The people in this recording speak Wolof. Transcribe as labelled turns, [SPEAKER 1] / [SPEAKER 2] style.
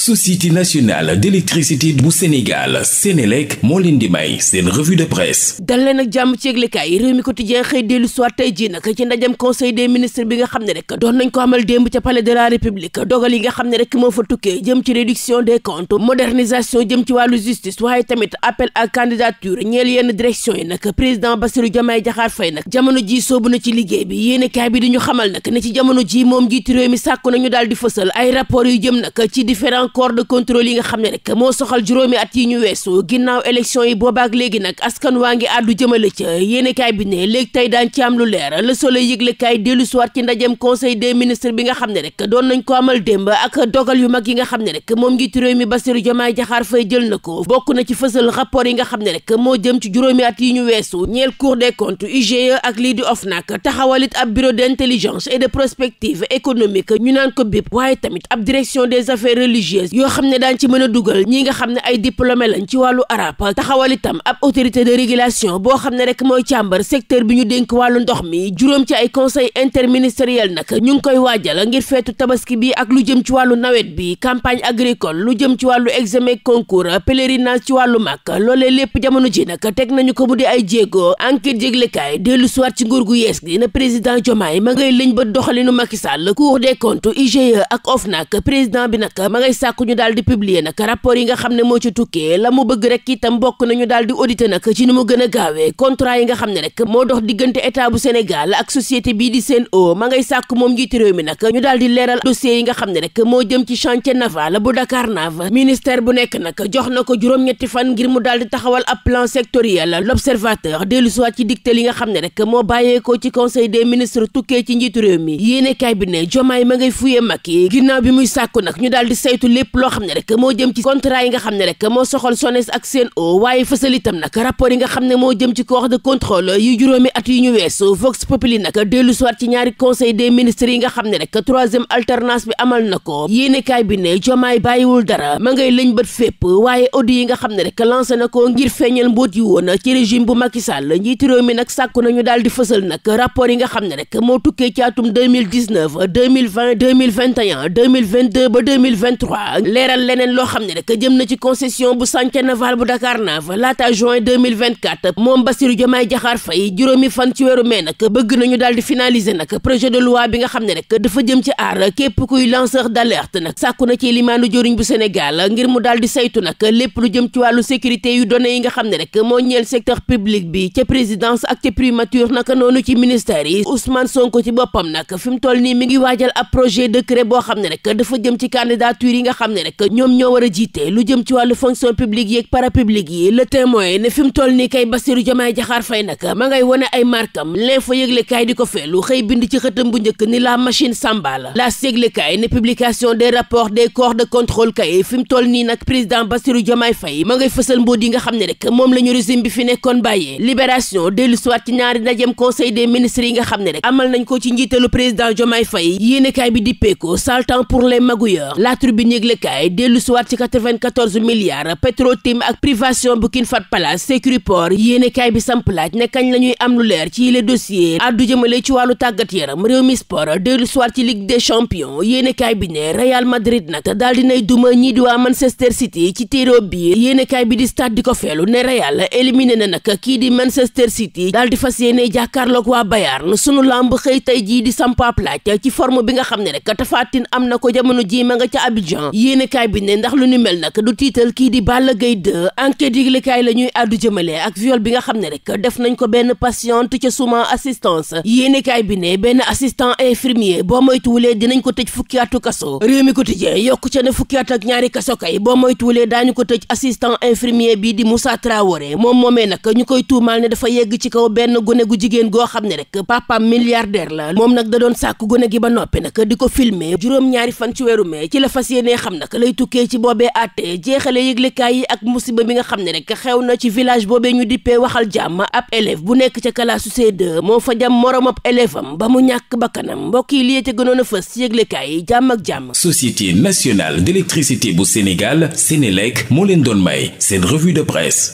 [SPEAKER 1] société nationale d'électricité bu Sénégal Sénélec moo leen di may seen revue de presse dal leen jàmm ci yëglekaay réew mi quotidien xëy dellu soit tey ji nag ci ndajam conseil des ministres bi nga xam ne rek doon nañ ko amal démb ca palais de la république dogal yi nga xam ne rek moo fa tukkee jëm ci réduction des comptes modernisation jëm ci wàllu justice waaye tamit appel à candidature ñeel yenn direction yi nag président Bassirou Diomaye corps de contrôle yi nga xam ne rek moo soxal juróomi at yi ñu weesu ginnaaw élection yi boobaak léegi nag askan waa ngi àddu jëmale ca yéenekaay bi ne léegi tey daan ci am lu leer Le Soleil yëglekaay dellu soir ci ndajem conseil des ministres bi nga xam ne rek doon nañ ko amal démb ak dogal yu mag yi nga xam ne rek moom njiitu réew mi Bassirou Diomaye Diakhar Faye jël na ko bokk na ci fësal rapport yi nga xam ne rek moo jëm ci juróomi at yi ñu weesu ñeel Cour des comptes IGE ak lii di OFNAC taxawalit ab bureau d'intelligence et ñu naan ko waaye tamit ab direction des affaires religieuses religieuse yoo xam ne daan ci mën a dugal ñi nga xam ne ay diplômé lañ ci wàllu arab taxawal itam ab autorité de régulation boo xam ne rek mooy càmbar secteur bi ñu dénk wàllu ndox mi juróom ci ay conseil interministériel nag ñu ngi koy waajal ngir feetu tabaski bi ak lu jëm ci wàllu nawet bi campagne agricole lu jëm ci wàllu examen concours pèlerinage ci wàllu màkk loolee lépp jamono ji nag teg nañu ko mu di ay jéego enquête jéglekaay dellu soir ci nguur gu yees gi na président Diomaye ma ngay lëñ ba doxalinu ma ngay sàkku ñu daal di publier nag rapport yi nga xam ne moo ci tukkee la mu bëgg rek itam bokk nañu daal di auditer nag ci ni mu gën a gaawee contrat yi nga xam ne rek moo dox diggante état bu Sénégal ak société bii di Sen'Eau ma ngay sàkku moom njiiti réew mi nag ñu daal di leeral dossier yi nga xam ne rek moo jëm ci chantier naval bu Dakar Nav ministère bu nekk nag jox na ko juróom-ñetti fan ngir mu daal di taxawal ab plan sectoriel l'observateur dellu soit ci dicté li nga xam ne rek moo bàyyeekoo ci conseil des ministres tukkee ci njiitu réew mi yéene kaay bi ne jomaay ma ngay fuyee mag yi bi muy sàkku nag ñu lépp loo xam ne rek moo jëm ci contrat yi nga xam ne rek moo soxal SONES ak SEN'EAU waaye fësal itam nag rapport yi nga xam ne moo jëm ci corps de contrôle yu juróomi at yu ñu weesu Vox Populi nag dellu soir ci ñaari conseil des ministres yi xam ne rek troisième alternance bi na ko yéenekaay bi ne jomaay bàyyiwul dara ma ngay lañ bët fépp waaye audit yi nga xam ne rek lancé na ko ngir feeñal mbóot yi woon ci régime bu Macky Sall njiitu réew mi nag sàkku nañu daal di fësal nag rapport yi nga xam ne rek moo tukkee ci atum 2019 2020 2021 2022 ba 2023 Touba leeral leneen loo xam ne rek jëm na ci concession bu chantier naval bu Dakar Nav laata juin 2024 moom Bassirou Diomaye Diakhar Faye juróomi fan ci weeru mai nag bëgg nañu daal di finaliser nag projet de loi bi nga xam ne rek dafa jëm ci aar képp kuy lanceur d'alerte nag sàkku na ci limaanu joriñ bu Sénégal ngir mu daal di saytu nag lépp lu jëm ci wàllu sécurité yu données yi nga xam ne rek moo ñeel secteur public bi ca présidence ak ca primature naka noonu ci ministère yi Ousmane Sonko ci boppam nag fi mu toll nii mi ngi waajal ab projet décret boo xam ne rek dafa jëm ci candidature yi nga xam ne rek ñoom ñoo war a jiite lu jëm ci wàllu fonction publique yeeg parapublique yi le témoin ne fi mu toll nii kay Bassirou Diomaye Diakhar fay nag ma ngay wane ay markam l'info yëglekaay di ko feelu xëy bind ci xëtam bu njëkk ni la machine samba la la yëglekaay ne publication de rapports des corps de contrôle kay fi mu toll nii nag président Bassirou Diomaye Faye ma ngay fësal mbóot yi nga xam ne rek moom la ñu régime bi fi nekkoon bàyyee libération dellu siwaat ci ñaari ndajeem conseil des ministres yi nga xam ne rek amal nañ ko ci njiitalu président Diomaye Faye yéenekaay bi dippeeko sale temps pour la tribune yëglekaay dellu suwaat ci 94 milliards Petrotim ak privation Bukin Fat Palace Sécuriport yéenekaay bi samp laaj ne kañ am lu leer ci yile dossier addu jëmale ci wàllu tàggat yaram réew mi sport dellu suwaat ci Ligue des champions yéenekaay bi ne Real Madrid nag daal dinay duma ñii di waa Manchester City ci téeroo biir yéenekaay bi di stade di ko feelu ne Real éliminé na nag kii di Manchester City daal di fas yéene jàkkaarloog waa Bayern sunu lamb xëy tey yéen kaay bi ne ndax lu ni mel nag du tiital kii di Balla Gaye 2 enquête yëglekaay la ñuy àddu jëmale ak viol bi nga xam ne rek def nañ ko benn patiente ca suma assistance yéen kaay bi ne benn assistant infirmier boo moytuwulee dinañ ko tëj fukki atu kaso réew mi quotidien yokku ca ne fukki at ak ñaari kaso kay boo moytuwulee ñu ko tëj assistant infirmier bii di musa Traoré moom moomee nag ñu koy tuumaal ne dafa yegg ci kaw benn gone gu jigéen goo xam ne rek papaam milliardaire la moom nag da doon sàkk gone gi ba noppi nag di ko filmer juróom-ñaari fan ci weeru mai ci la fas xam nag lay tukkee ci boobee àtte jeexale yëglekaay yi ak musiba bi nga xam ne rek xew na ci village boobe ñu dippee waxal jàmm ab élève bu nekk ca kalaasu C2 moo fa jam moroom ab élève ba mu ñàkk bakkanam mbokk yi liyee ca gënoon a fës ci yëglekaay yi jàmm ak jàmm société nationale d'électricité bu Sénégal lekk moo leen doon may seen revue de presse